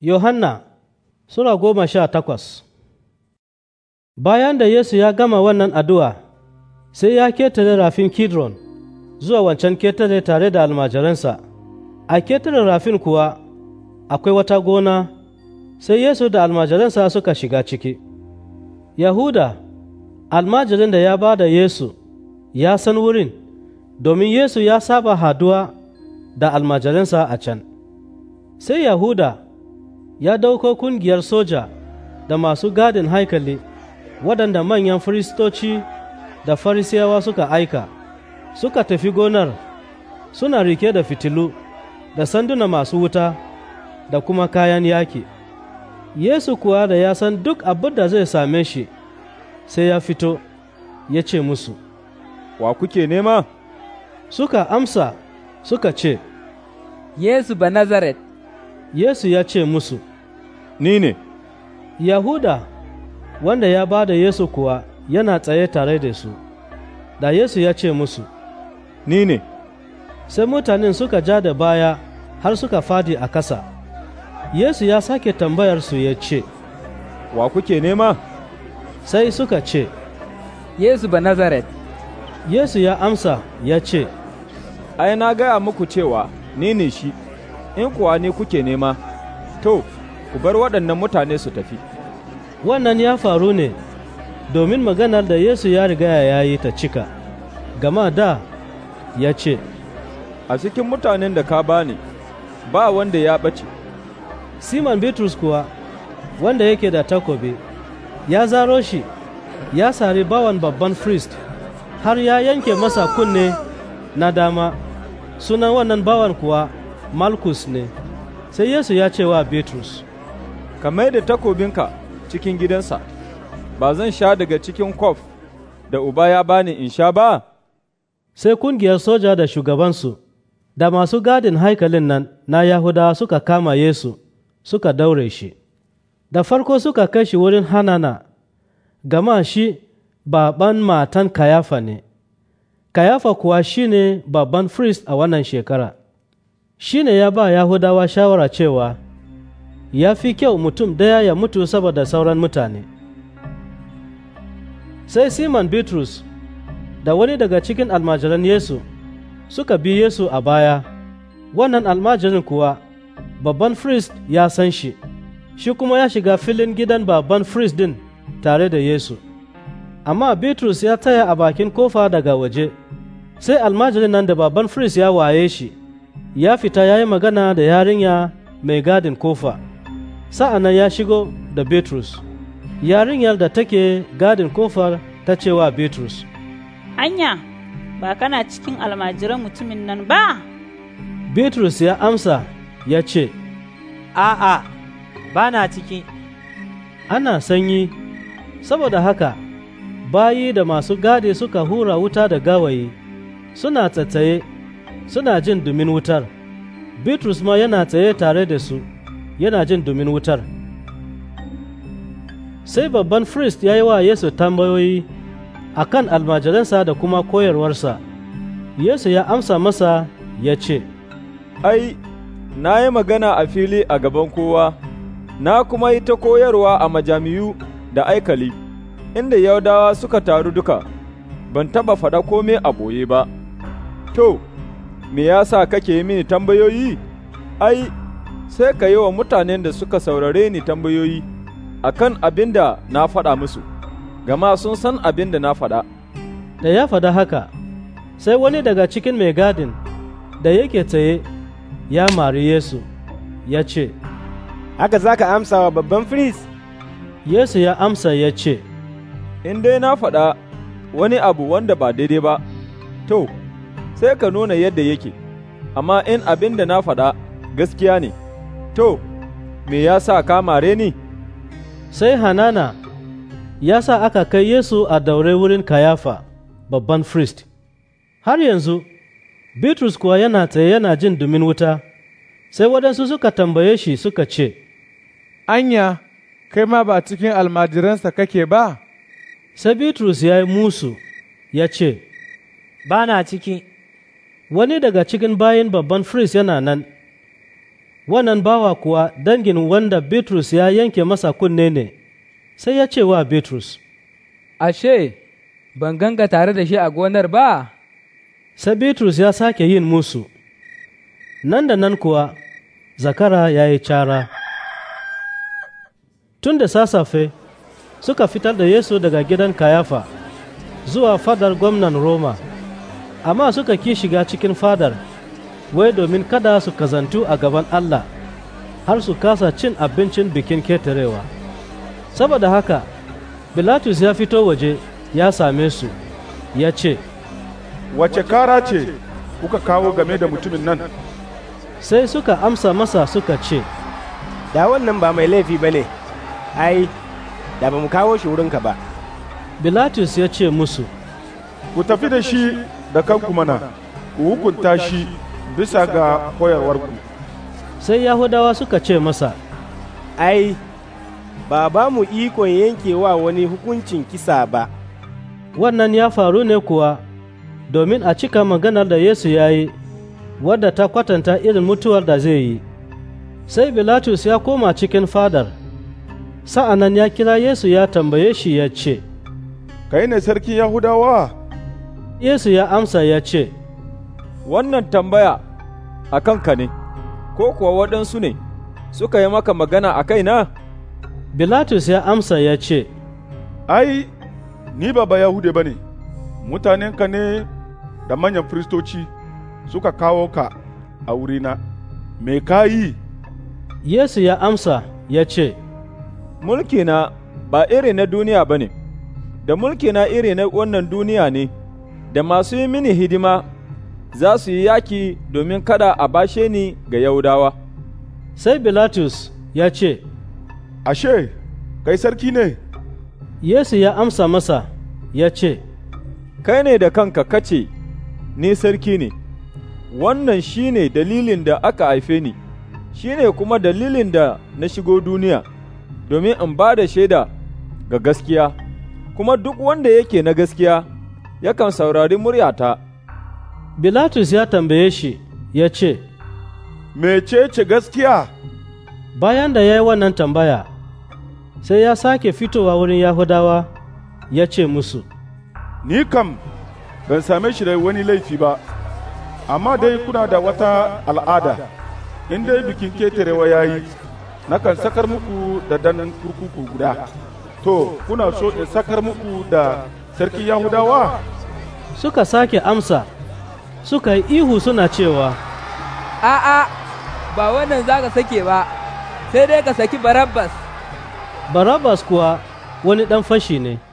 Yohanna Sura goma sha takwas Bayan da Yesu ya gama wannan addu'a, sai ya ketare rafin Kidron zuwa wancan ketare tare da almajiransa. A ketaren rafin kuwa akwai wata gona, sai Yesu da almajiransa suka shiga ciki. Yahuda, almajirin da ya ba da Yesu, ya san wurin, domin Yesu ya saba haduwa da almajiransa a can. Sai Yahuda, ya dauko kungiyar soja da masu gadin haikali waɗanda manyan firistoci da farisiyawa suka aika suka tafi gonar suna rike da fitilu da sanduna masu wuta da kuma kayan yaki yesu kuwa da ya san duk abin da zai same shi sai ya fito ya ce musu wa kuke nema suka amsa suka ce yesu ba nazaret Yesu ya ce musu, Ni ne, Yahuda wanda ya ba da Yesu kuwa yana tsaye tare da su, da Yesu ya ce musu, Ni ne, sai mutanen suka ja da baya har suka fadi a kasa. Yesu ya sake tambayar su ya ce, Wa kuke nema? Sai suka ce, Yesu ba Nazaret. Yesu ya amsa ya ce, Ai, na gaya muku cewa ni ne shi. in kuwa ne kuke nema, to, ku bar waɗannan mutane su tafi. Wannan ya faru ne domin maganar da Yesu ya riga ya yi ta cika, gama da ya ce, A cikin mutanen da ka bani, ba wanda ya ɓace. Siman Bitrus kuwa, wanda yake da takobi, ya zaro shi, ya sari bawan babban frist, har ya yanke masa kunne na dama, sunan wannan bawan kuwa malkus ne sai yesu ya ce wa bitrus ka mai da takobinka cikin gidansa ba zan sha daga cikin kwaf da uba ya bani in sha ba sai kungiyar soja da shugabansu da masu gadin haikalin nan na yahudawa suka kama yesu suka daure shi da farko suka kai shi wurin hanana gama shi baban matan kayafa ne kayafa kuwa shi ne babban firist a wannan shekara shi ne ya ba Yahudawa shawara cewa ya fi kyau mutum daya ya mutu saboda sauran mutane. Sai simon Bitrus da wani daga cikin almajiran Yesu suka bi Yesu a baya, wannan almajirin kuwa babban frist ya san shi, shi kuma ya shiga filin gidan babban frist din tare da Yesu. Amma Bitrus ya taya a bakin kofa daga waje, sai almajirin nan da babban frist ya waye shi. ya fita ya yi magana da yarinya mai gadin kofa sa'an ya shigo da Bitrus yarinyar da take gadin kofar ta ce wa Bitrus anya ba kana cikin almajiran mutumin nan ba Bitrus ya amsa ya ce a'a ba na ciki ana sanyi saboda haka bayi da masu gade suka hura wuta da gawayi suna tsattsaye. suna jin dumin wutar bitrus ma yana tsaye tare da su yana jin dumin wutar sai babban frist ya yi wa yesu tambayoyi a kan almajiransa da kuma koyarwarsa yesu ya amsa masa ya ce ai na yi magana a fili a gaban kowa na kuma yi ta koyarwa a majami'u da aikali inda yaudawa suka taru duka ban taba faɗa komai a boye ba to Me yasa kake yi mini tambayoyi? Ai, sai ka yi wa mutanen da suka saurare ni tambayoyi a kan abin da na faɗa musu, gama sun san abin da na faɗa. Da ya faɗa haka, sai wani daga cikin mai gadin da yake tsaye ya mari Yesu, ya ce, Haka za ka amsa wa babban firist? Yesu ya amsa ya ce, In dai na faɗa wani abu wanda ba daidai ba, to, sai ka nuna yadda yake, amma in abin da na faɗa gaskiya ne, to, me ya sa ka mare ni? Sai Hanana ya sa aka kai Yesu a daure wurin Kayafa, babban frist. Har yanzu, Bitrus kuwa yana tsaye yana jin dumin wuta, sai waɗansu suka tambaye shi suka ce, Anya, kai ma ba cikin almajiransa kake ba? Sai Bitrus ya yi musu, ya ce, Ba na ciki. wani daga cikin bayan babban firist yana nan wannan bawa kuwa dangin wanda Bitrus ya yanke masa kunne ne sai ya ce wa Bitrus ashe ban ganga tare da shi a gonar ba sai Bitrus ya sake yin musu nan da nan kuwa zakara ya yi cara tun da sassafe suka fitar da Yesu daga gidan kayafa zuwa fadar gwamnan Roma amma suka ki shiga cikin fadar wai domin kada su kazantu a gaban Allah har su kasa cin abincin bikin ketarewa saboda haka Bilatus ya fito waje ya same su ya ce wace kara ce kuka kawo game da mutumin nan sai suka amsa masa suka ce da wannan ba mai laifi ba ne ai da ba mu kawo shi wurinka ba Bilatus ya ce musu ku tafi da shi da kanku mana ku hukunta shi bisa ga koyarwarku sai yahudawa suka ce masa ai ba ba mu ikon yankewa wani hukuncin kisa ba wannan ya faru ne kuwa domin a cika maganar da yesu ya yi wadda ta kwatanta irin mutuwar da zai yi sai bilatus ya koma cikin fadar Sa'annan ya kira yesu ya tambaye shi ya ce Ka yi ne sarkin yahudawa Yesu ya amsa ya ce, Wannan tambaya a kanka ne, ko kuwa waɗansu ne suka yi maka magana a kaina? Bilatus ya amsa ya ce, Ai, ni ba ba Yahude ba ne, mutanenka ne da manyan firistoci suka kawo ka a wurina, me ka yi? Yesu ya amsa ya ce, Mulkina ba iri na duniya ba ne, da mulkina iri na wannan duniya ne. da masu yi mini hidima za su yi yaki domin kada a bashe ni ga Yahudawa. Sai Bilatus ya ce, Ashe, kai sarki ne? Yesu ya amsa masa ya ce, Kai ne da kanka kace, ni sarki ne, wannan shi ne dalilin da aka haife ni, shi ne kuma dalilin da na shigo duniya, domin in ba da shaida ga gaskiya, kuma duk wanda yake na gaskiya. yakan saurari muryata. Bilatus ya tambaye shi ya ce, Mecece gaskiya? Bayan da ya yi wannan tambaya, sai ya sake fitowa wurin Yahudawa ya ce musu, Ni kam ban same shi da wani laifi ba, amma dai kuna da wata al'ada, in dai bikin ketarewa ya yi, nakan sakar muku da danan kurkuku guda. To, kuna so in sakar muku da sarki Yahudawa? Suka sake amsa, suka yi ihu suna cewa, A'a, ba wannan za ka sake ba, sai dai ka saki Barabbas. Barabbas kuwa wani dan fashi ne.